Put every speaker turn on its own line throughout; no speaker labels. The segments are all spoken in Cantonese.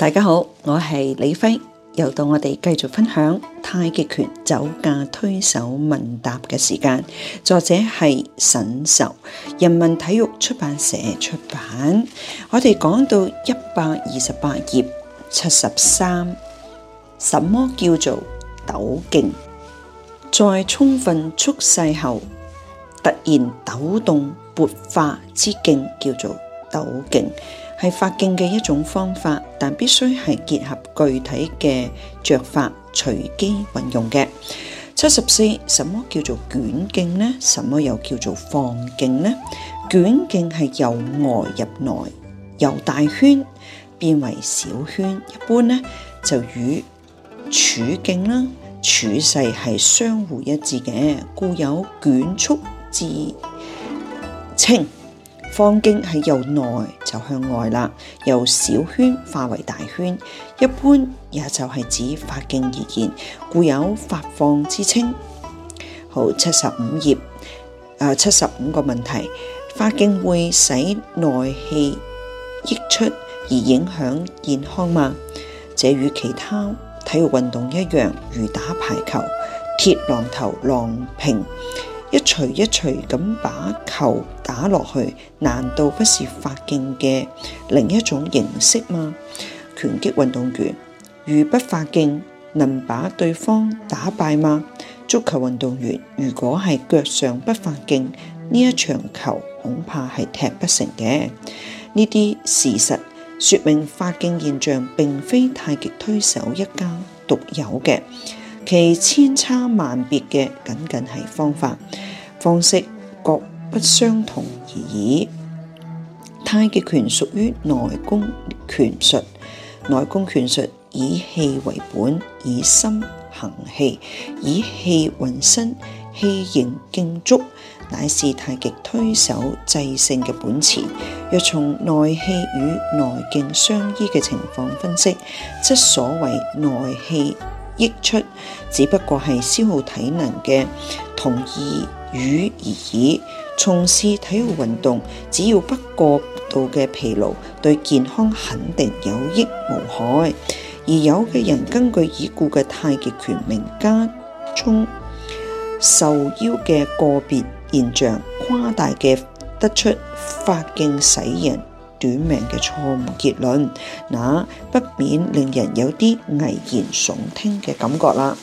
大家好，我係李輝，又到我哋繼續分享太極拳走架推手問答嘅時間。作者係沈壽，人民體育出版社出版。我哋講到一百二十八頁七十三，73, 什麼叫做抖勁？在充分蓄勢後，突然抖動，勃發之勁叫做抖勁。係發勁嘅一種方法，但必須係結合具體嘅着法，隨機運用嘅。七十四，什麼叫做捲勁呢？什麼又叫做放勁呢？捲勁係由外入內，由大圈變為小圈，一般呢就與蓄勁啦、蓄勢係相互一致嘅，故有捲蓄之稱。放勁係由內就向外啦，由小圈化為大圈，一般也就係指發勁而言，故有發放之稱。好，七十五頁，誒、呃，七十五個問題，發勁會使內氣溢出而影響健康嗎？這與其他體育運動一樣，如打排球、鐵榔頭、郎平。一錘一錘咁把球打落去，難道不是發勁嘅另一種形式嗎？拳擊運動員如不發勁，能把對方打敗嗎？足球運動員如果係腳上不發勁，呢一場球恐怕係踢不成嘅。呢啲事實說明發勁現象並非太極推手一家獨有嘅。其千差萬別嘅，僅僅係方法、方式各不相同而已。太極拳屬於內功拳術，內功拳術以氣為本，以心行氣，以氣運身，氣形勁足，乃是太極推手制勝嘅本錢。若從內氣與內勁相依嘅情況分析，則所謂內氣溢出，只不過係消耗體能嘅同義語而已。從事體育運動，只要不過度嘅疲勞，對健康肯定有益無害。而有嘅人根據已故嘅太極拳名家中受邀嘅個別現象誇大嘅，得出發勁使人。短命嘅錯誤結論，那不免令人有啲危言聳聽嘅感覺啦。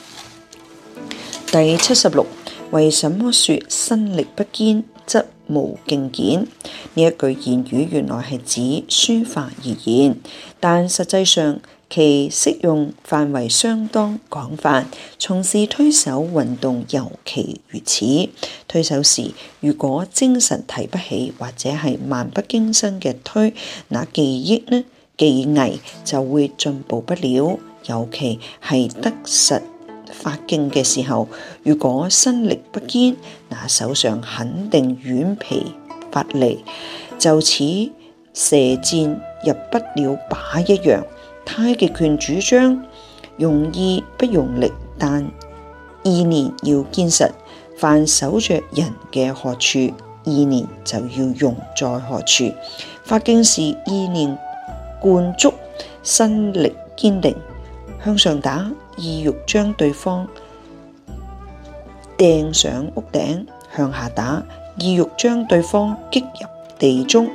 第七十六，為什麼說身力不堅則無勁健？呢一句言語原來係指書法而言，但實際上，其適用範圍相當廣泛，從事推手運動尤其如此。推手時，如果精神提不起，或者係漫不經心嘅推，那記憶呢、技藝就會進步不了。尤其係得實發勁嘅時候，如果身力不堅，那手上肯定軟皮乏力，就似射箭入不了靶一樣。太極拳主張用意不用力，但意念要堅實。凡守着人嘅何處，意念就要用在何處。發勁時意念貫足，身力堅定，向上打意欲將對方掟上屋頂，向下打意欲將對方擊入地中，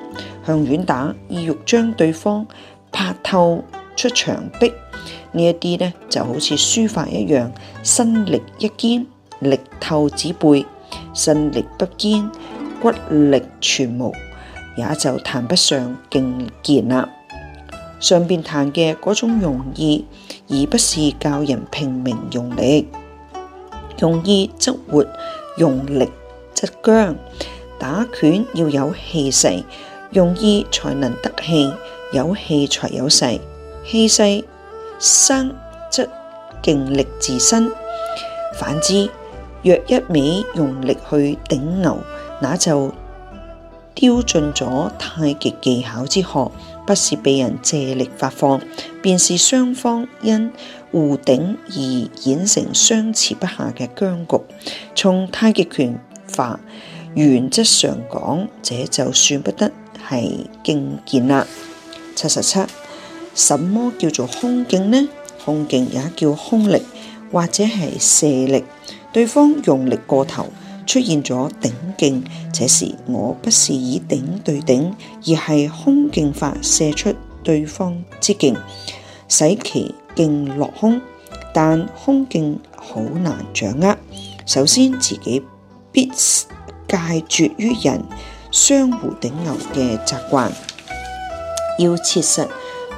向遠打意欲將對方拍透。出牆壁呢一啲咧，就好似書法一樣，身力一堅，力透紙背；身力不堅，骨力全無，也就談不上勁健啦。上邊談嘅嗰種用意，而不是教人拼命用力。用意則活，用力則僵。打拳要有氣勢，用意才能得氣，有氣才有勢。氣勢生則勁力自身。反之，若一味用力去頂牛，那就丟盡咗太極技巧之學，不是被人借力發放，便是雙方因互頂而演成相持不下嘅僵局。從太極拳法原則上講，這就算不得係勁健啦。七十七。什麼叫做空勁呢？空勁也叫空力，或者係卸力。對方用力過頭，出現咗頂勁，這時我不是以頂對頂，而係空勁法射出對方之勁，使其勁落空。但空勁好難掌握，首先自己必戒絕於人相互頂牛嘅習慣，要切實。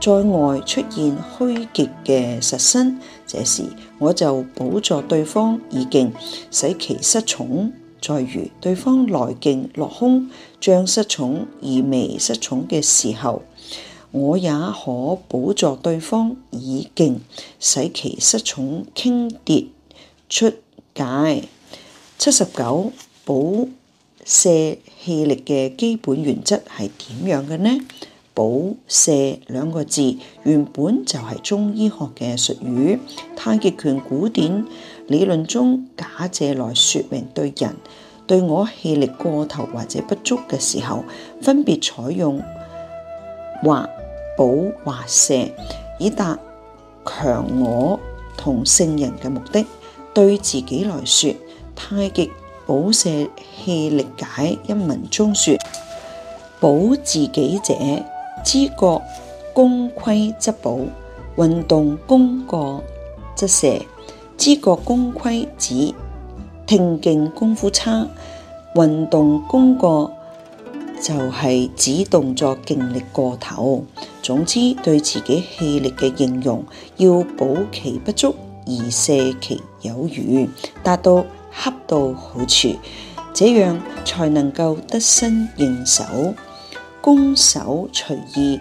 在外出現虛極嘅實身，這時我就補助對方以勁，使其失重；在如對方來勁落空，將失重而未失重嘅時候，我也可補助對方以勁，使其失重傾跌出界。七十九，補瀉氣力嘅基本原則係點樣嘅呢？補瀉兩個字原本就係中醫學嘅術語，太極拳古典理論中假借來說明對人對我氣力過頭或者不足嘅時候，分別採用或補或瀉，以達強我同勝人嘅目的。對自己來說，太極補瀉氣力解一文中說，補自己者。知覺功虧則補，運動功過則瀉。知覺功虧指聽勁功夫差，運動功過就係指動作勁力過頭。總之，對自己氣力嘅應用，要補其不足而瀉其有餘，達到恰到好處，這樣才能夠得心應手。攻守隨意，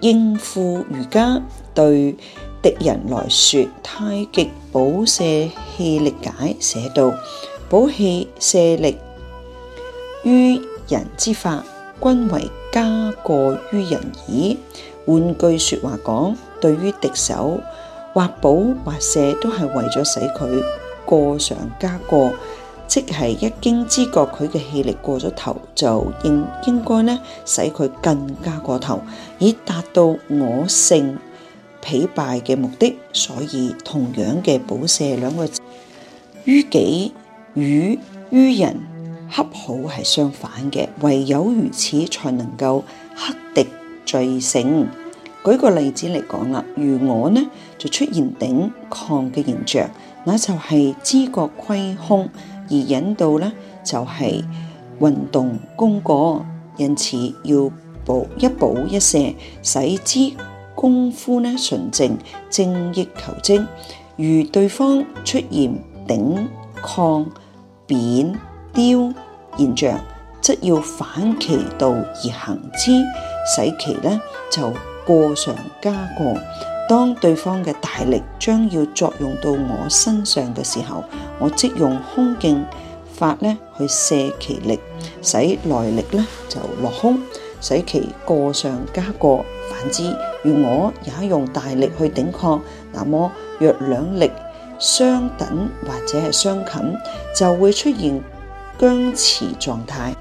應付如家。對敵人來說，太極補瀉氣力解寫道，寫道補氣瀉力於人之法，均為加過於人矣。換句説話講，對於敵手，或補或瀉，都係為咗使佢過上加過。即係一經知覺，佢嘅氣力過咗頭，就應應該咧，使佢更加過頭，以達到我勝彼敗嘅目的。所以同樣嘅補射兩個字，於己與於人恰好係相反嘅，唯有如此，才能夠克敵聚勝。舉個例子嚟講啦，如我咧就出現頂抗嘅形象，那就係知覺虧空。而引導咧就係、是、運動功過，因此要補一補一瀉，使之功夫呢純正，精益求精。如對方出現頂抗扁丟現象，則要反其道而行之，使其咧就過上加過。當對方嘅大力將要作用到我身上嘅時候，我即用空勁法咧去卸其力，使內力咧就落空，使其過上加過。反之，如我也用大力去頂抗，那麼若兩力相等或者係相近，就會出現僵持狀態。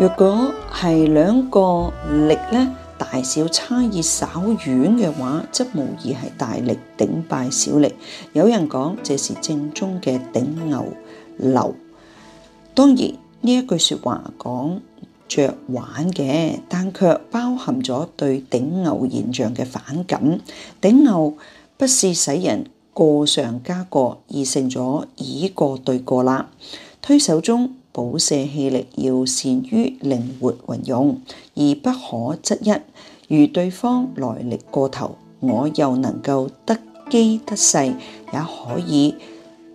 若果係兩個力咧，大小差異稍遠嘅話，則無疑係大力頂敗小力。有人講，這是正宗嘅頂牛流。當然，呢一句説話講着玩嘅，但卻包含咗對頂牛現象嘅反感。頂牛不是使人過上加過，而成咗以過對過啦。推手中。補瀉氣力要善於靈活運用，而不可執一。如對方來力過頭，我又能夠得機得勢，也可以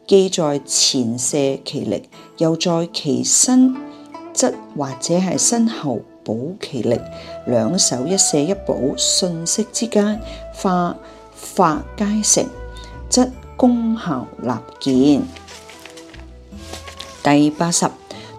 既在前射其力，又在其身，則或者係身後補其力，兩手一射一補，瞬息之間化化皆成，則功效立見。第八十。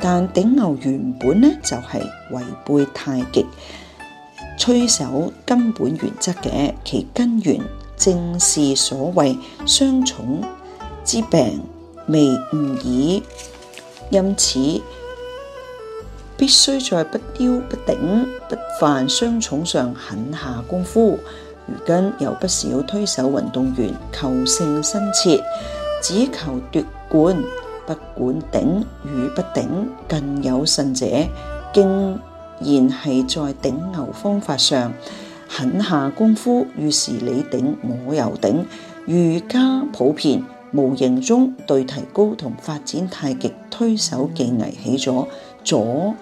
但頂牛原本咧就係、是、違背太極推手根本原則嘅，其根源正是所謂雙重之病未悟矣。因此，必須在不丟不頂不犯雙重上狠下功夫。如今有不少推手運動員求勝心切，只求奪冠。不管頂與不頂，更有甚者，竟然係在頂牛方法上狠下功夫，於是你頂我又頂，愈加普遍，無形中對提高同發展太極推手技藝起咗阻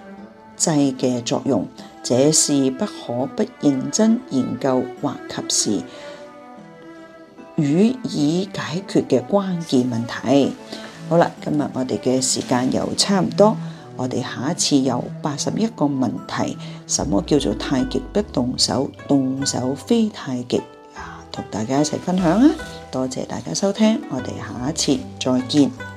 滯嘅作用，這是不可不認真研究或及時予以解決嘅關鍵問題。好啦，今日我哋嘅時間又差唔多，我哋下一次有八十一個問題，什麼叫做太極不動手，動手非太極啊？同大家一齊分享啊！多謝大家收聽，我哋下一次再見。